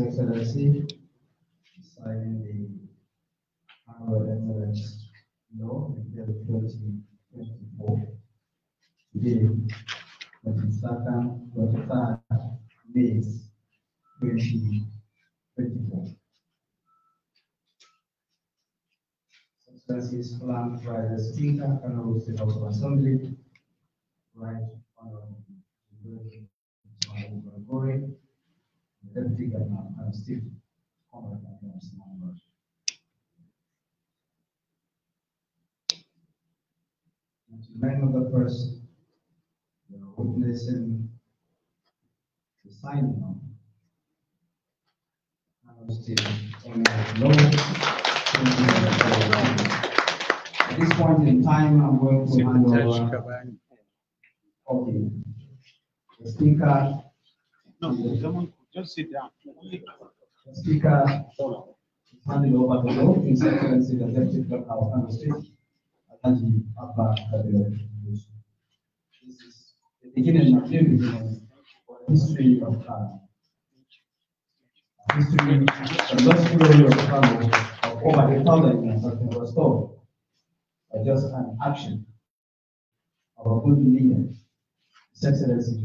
Excellency, signing the Honorable Excellence Law Repeal 2024 today, 22nd, 23rd May 2024. Substances planned by the Speaker, Honorable State House of Assembly, Right Honorable Gregory den tillgångarna per stift i am still sina omröstningar. The name of the person witnessing the signing of at this point in time, I'm going to hand over. Okay. The speaker. No, just sit down. Speaker, handing over the law, His Excellency the Deputy Clerk of Kano State, This is the beginning of the history of Kano. History, the of Kano of over a thousand years has been restored by just an action of a good leader, His Excellency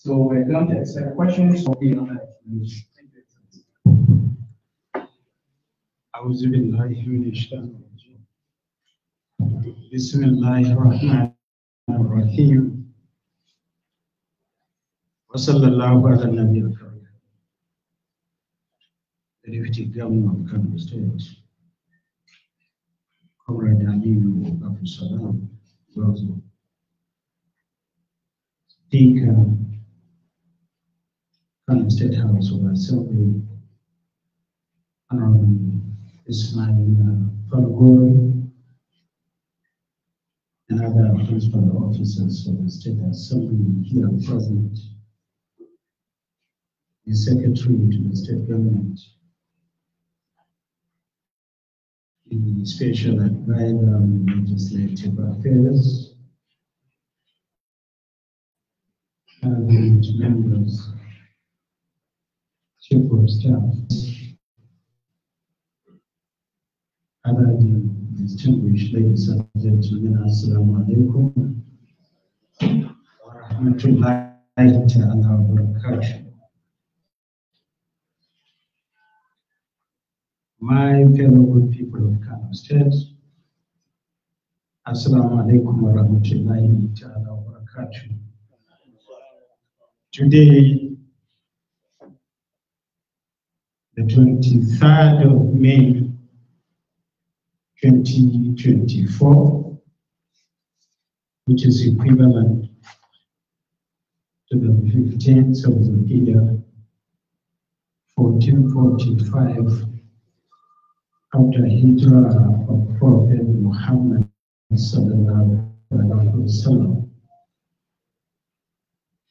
So we're going to accept questions or أعوذ بالله من الشيطان الرجيم بسم الله الرحمن الرحيم وصلى الله على النبي الكريم the State House where Sylvie um, my fellow Faragori and other principal officers of the state are certainly here present. The secretary to the state government, the special advisor on um, legislative affairs, and members circumstance other than distinguished ladies and gentlemen, Assalamu alaikum wa rahmatullahi ta'ala wa barakatuh. My fellow good people of Kano State, Assalamu alaikum wa rahmatullahi ta'ala wa barakatuh. Today, the 23rd of May 2024, which is equivalent to the 15th of the year 1445 after Hijrah of Prophet Muhammad sallallahu alaihi wasallam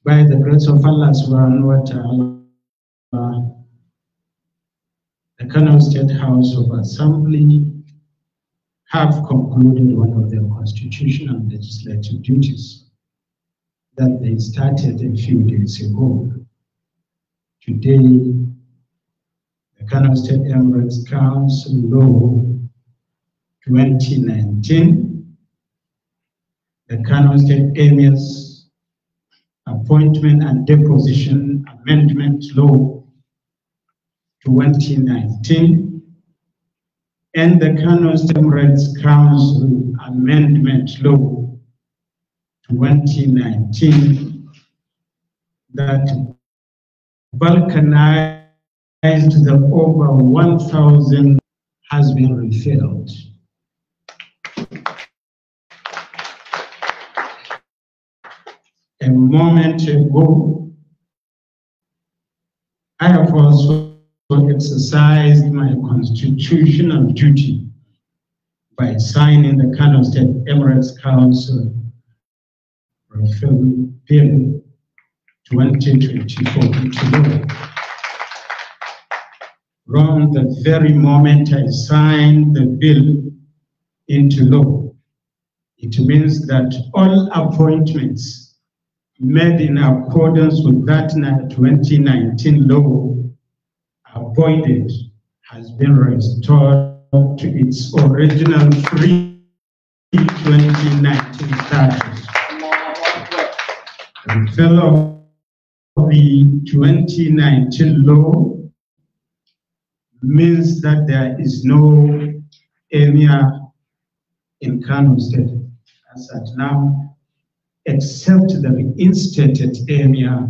by the grace of Allah subhanahu wa ta'ala the Kano State House of Assembly have concluded one of their constitutional legislative duties that they started a few days ago. Today, the Kano State Emirates Council Law 2019, the Kano State Emirs Appointment and Deposition Amendment Law 2019, and the Kano Stem Rights Council Amendment Law 2019 that balkanized the over 1,000 has been refilled. A moment ago, I have also exercised my constitutional duty by signing the Kano State Emirates Council Bill 2024 into From the very moment I signed the bill into law, it means that all appointments made in accordance with that 2019 law avoided has been restored to its original pre 2019 status. The fellow of the 2019 law means that there is no area in Kano State as at now, except the reinstated area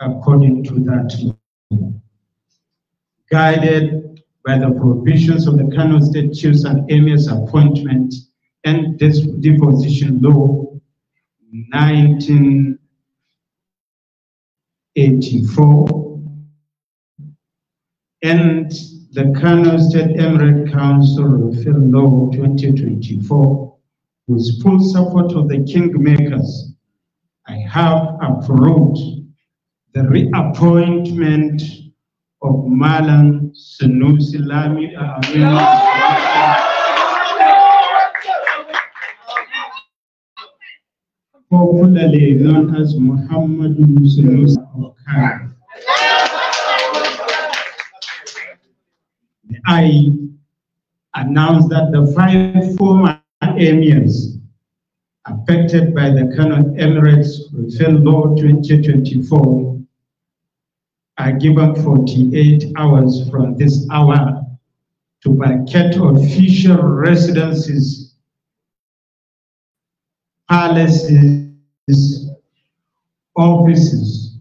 according to that law guided by the provisions of the Kano State Chiefs and Emirs Appointment and Deposition Law 1984 and the Kano State Emirate Council Refill Law 2024 with full support of the kingmakers, I have approved the reappointment of Malan Sanusi Lamid popularly known as Muhammad Sanusi of I announced that the five former emirs affected by the Kano Emirates Referral Law 2024 are given 48 hours from this hour to vacate official residences, palaces, offices,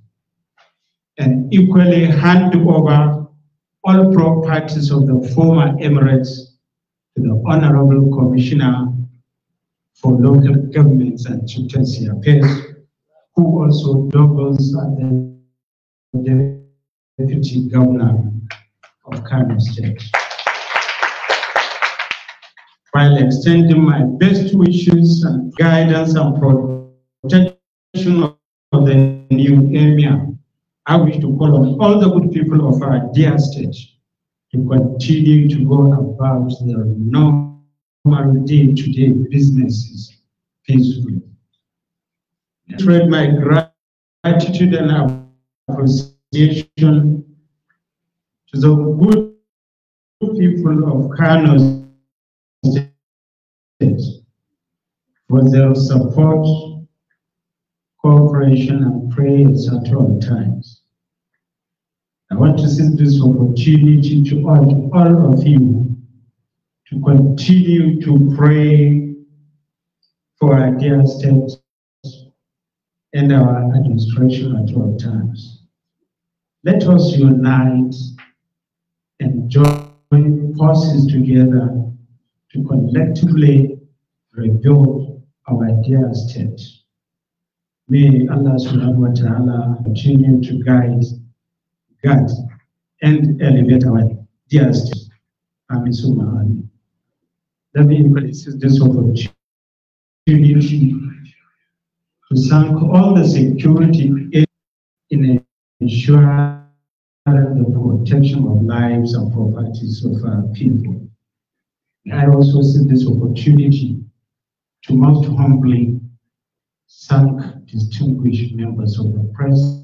and equally hand over all properties of the former emirates to the Honorable Commissioner for Local Governments and Chieftaincy Affairs, who also doubles as the Deputy Governor of Kano State. While extending my best wishes and guidance and protection of the new Emir, I wish to call on all the good people of our dear state to continue to go about their normal day-to-day businesses peacefully. Spread my gratitude and appreciation to the good people of Kano State for their support, cooperation, and prayers at all times. I want to seize this opportunity to urge all of you to continue to pray for our dear state and our administration at all times. Let us unite and join forces together to collectively rebuild our dear state. May Allah subhanahu wa ta'ala continue to guide, guide, and elevate our dear state. Amin Summa Let me increase this opportunity to thank all the security in a. Ensure the protection of lives and properties of our uh, people. I also see this opportunity to most humbly thank distinguished members of the press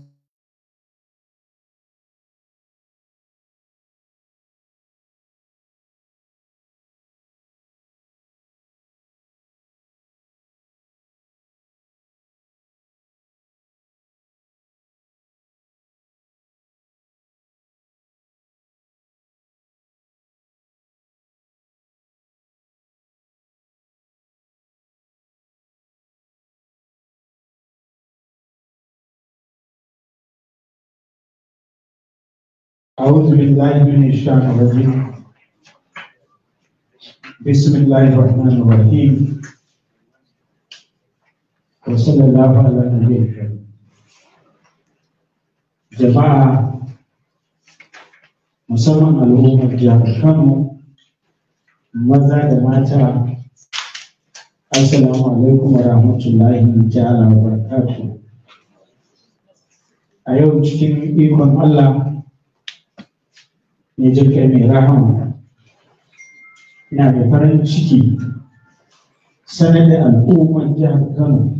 أعوذ بالله من الشيطان الرجيم بسم الله الرحمن الرحيم وصلى الله على نبي الكريم جماعة musamman al'ummar jihar Kano maza da mata assalamu alaikum wa rahmatullahi ta'ala wa barakatuh a yau cikin ikon Allah ne jirgin mai rahama na da farin ciki sanar da al'ummar jihar kano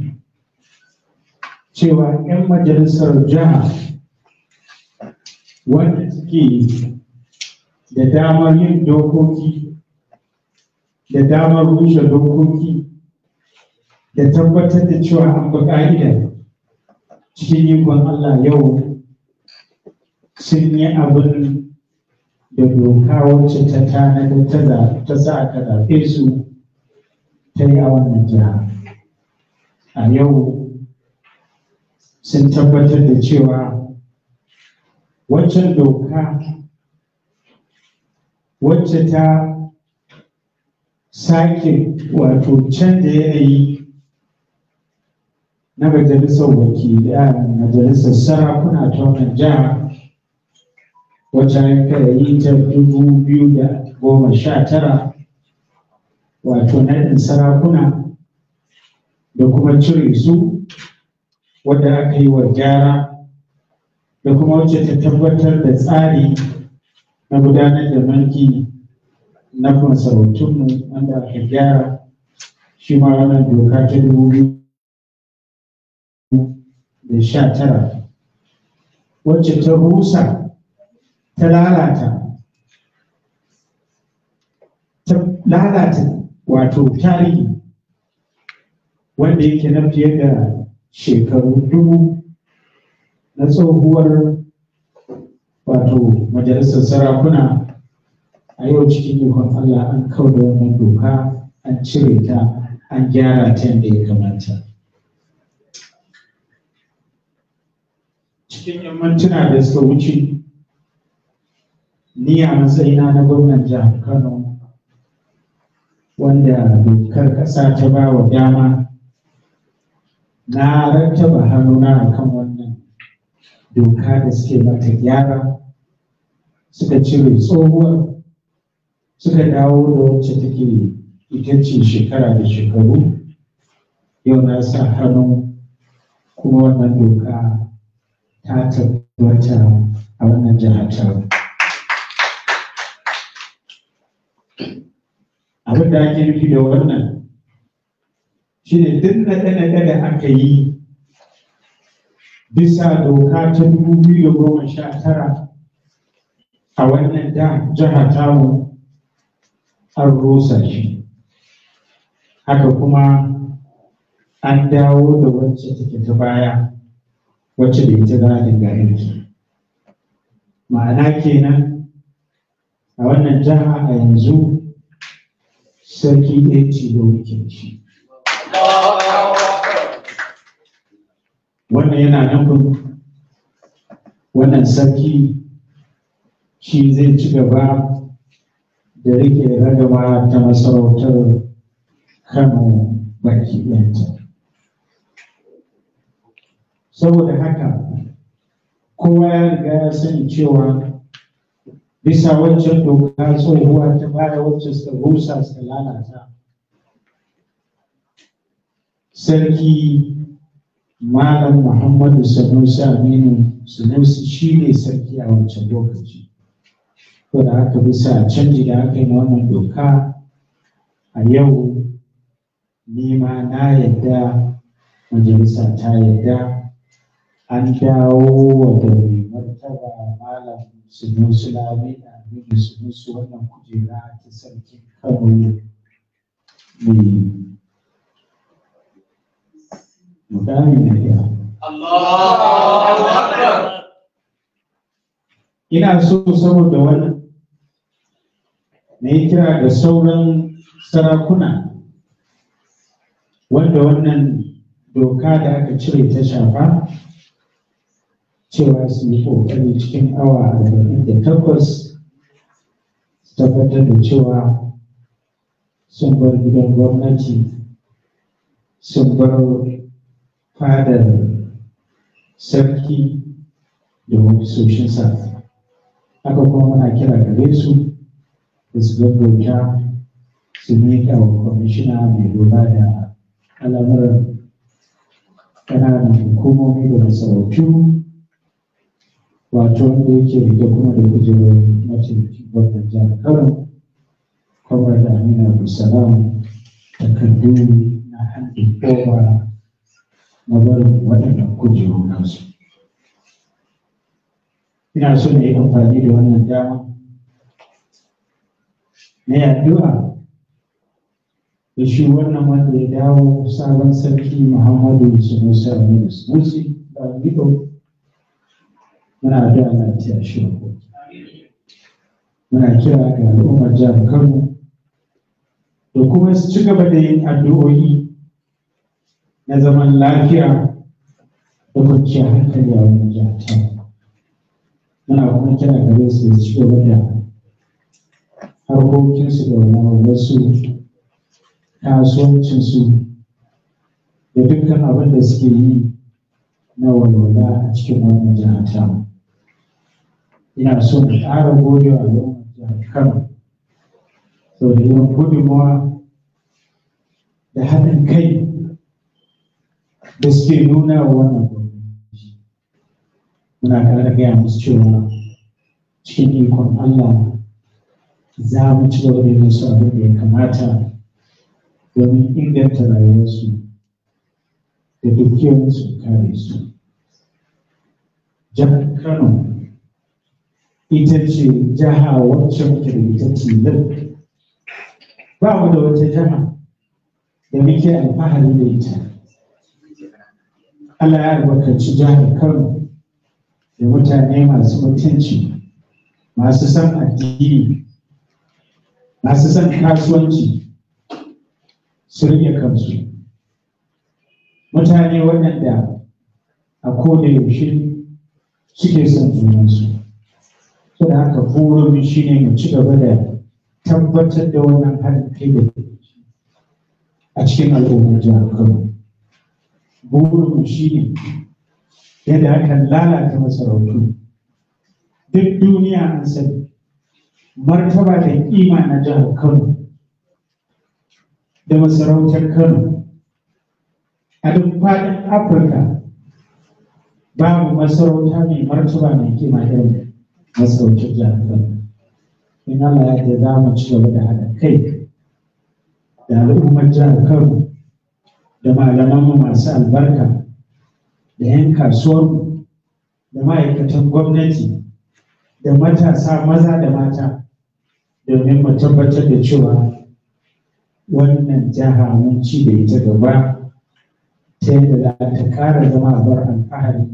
cewa 'yan majalisar Jihar. wanda suke da damar yin dokoki da damar rushe dokoki da tabbatar da cewa an bi ka'ida cikin ikon allah yau sun yi abin da doka wacce ta tanadar ta sa ta zaɓe su ta yi a wannan jiha a yau sun tabbatar da cewa waccan doka wacce ta sake wato canza yanayi na majalisar a majalisar sarakuna ta wannan jiha wacce aka yi ta dubu biyu da goma sha tara wato naɗin sarakuna da kuma cire su wadda aka yi wa gyara da kuma wacce ta tabbatar da tsari na gudanar da mulki na masarautunmu wanda aka gyara shi ma wannan doka ta dubu biyu da sha tara wacce ta rusa ta lalata ta lalata wato tarihi wanda yake na fiye da shekaru dubu na tsohuwar wato majalisar sarakuna a yau cikin ikon Allah an kawo da doka an cire ta an gyara ta yadda ya kamata cikin yan mantuna da suka wuce ni a matsayina na gwamnan jihar kano wanda dokar ƙasa ta ba wa dama na rattaba hannuna a kan wannan doka da suke mata gyara suka cire tsohuwar suka dawo da wacce take ita shekara da shekaru yau na sa hannu kuma wannan doka ta tabbata a wannan jihar abin da ake nufi da wannan shi ne duk na ɗana ɗana aka yi bisa doka ta dubu biyu da goma sha tara a wannan da jihar tamu an rusa shi haka kuma an dawo da wacce take ta baya wacce da ita za garin dinga ma'ana kenan a wannan jiha a yanzu sarki yanci da wukin shi wannan yana nufin wannan sarki shi zai ci gaba da rike ragama ta masarautar kano baki ɗanta saboda haka kowa ya riga ya sani cewa bisa wancan doka tsohuwa ta baya wancan suka rusa suka lalata sarki malam muhammadu sanusi aminu sanusi shi ne sarki a wancan lokaci ko da haka bisa canji da aka yi na wannan doka a yau nima na yadda majalisa ta yadda an dawo wa sunusu lami na su musu wannan kujera ta sarkin kano mai hmm. mukami na iya ina so saboda wannan na yi kira da sauran sarakuna wanda wannan doka da aka cire ta shafa cewa su yi ƙoƙari cikin awa arba'in da takwas su tabbatar da cewa sun bar gidan gwamnati sun bar fadar sarki da ofisoshinsa haka kuma muna kira gare su da su gaggauta su miƙa wa kwamishina mai lura da al'amuran ƙananan hukumomi da masarautu wato wanda ya yake rike kuma da kujerar mataimakin gwamnan jihar kano kwamar da amina abdulsalam takardu na hannun kowa na barin waɗannan kujeru nasu ina so na yi amfani da wannan dama na yaduwa da shi wannan wanda ya dawo sabon sarki muhammadu sunusa aminu sunusi da amino muna da na ce shi muna kira ga al'ummar jihar Kano da kuma su ci gaba da yin addu'o'i na zaman lafiya da kwanciya hankali a wani jihar ta muna kuma kira ga su da ci gaba da harkokinsu da wasu kasuwancinsu da dukkan abin da suke yi na walwala a cikin wannan jihar ta ina so na ƙara gode wa al'ummar jihar Kano saboda yawan gudunmawa da haɗin kai da suke nuna wa wannan gwamnati muna ƙara gaya musu cewa cikin ikon Allah za mu ci gaba da yin su abin da ya kamata domin inganta rayuwarsu da dukiyarsu kare su. Jihar Kano ita ce jiha wacce muke da ita tilin ba mu da wata jiha da muke alfahari da ita Allah ya albarkaci jihar Kano da mutane masu mutunci masu san addini masu san kasuwanci su rike kansu mutane waɗanda a koda yaushe suke son junansu da haka burin shi ne mai cigaba gaba da tabbatar da wannan haɗin kai da a cikin al'ummar jihar Kano. Burin shi ne yadda aka lalata masarautu. Duk duniya an sani martaba da kima na jihar Kano da masarautar Kano a duk faɗin Afirka babu masarauta mai martaba mai kima irin na sauke jami'an in Allah ya za mu ci gaba da haɗa kai da al'ummar jihar Kano da malamanmu masu albarka da 'yan kasuwarmu da ma'aikatan gwamnati da matasa maza da mata domin mu tabbatar da cewa wannan jiha mun ci da ita gaba ta yadda za ta ƙara zama bar alfahari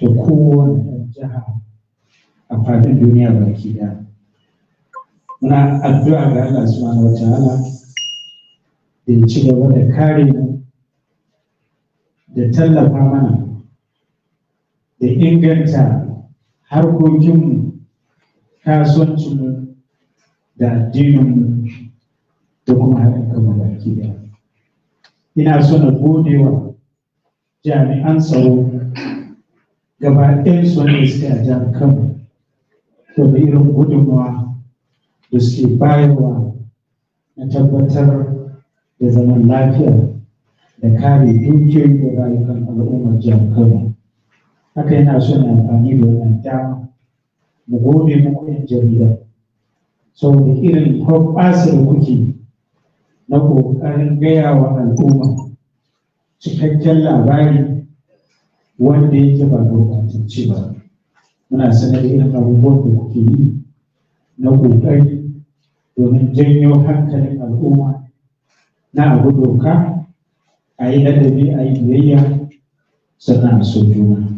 da kowane jiha a fadin duniya baki daya muna addu'a ga Allah subhanahu wataala da ya ci gaba da kare mu da tallafa mana da inganta harkokinmu kasuwancinmu da addininmu da kuma haɗin kama baki daya ina so na gode wa jami'an tsaro gaba ɗayan su wanda suke a jami'an kanmu mai irin gudunmawa da suke bayarwa na tabbatar da zaman lafiya da kare dukiyoyi da rayukan al'ummar jihar Kano. Haka yana so na amfani da wannan dama mu gode muku 'yan jarida saboda irin hoɓɓasa da kuke na ƙoƙarin gaya wa al'umma cikakken labari wanda yake ba gurɓatacce ba. muna sanar da irin abubuwan da kuke yi na ƙoƙari domin janyo hankalin al'umma na abu doka a yi ladabi a yi biyayya sannan a so juna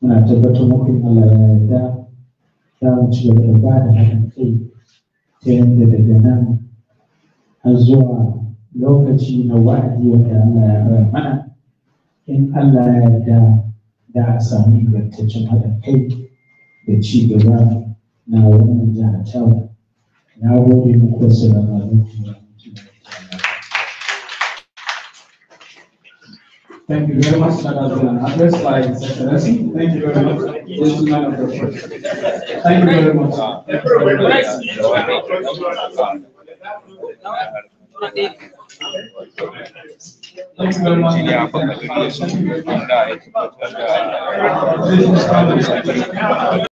muna tabbatar muku Allah ya yarda za mu ci gaba da ba da haɗin kai ta yadda daga nan har zuwa lokaci na wa'adi wanda Allah ya bayar mana in Allah ya yarda da a sami ingantaccen haɗin kai Thank you very much, Address by Thank you very much. Thank you very much. Thank you very much. Thank you very much.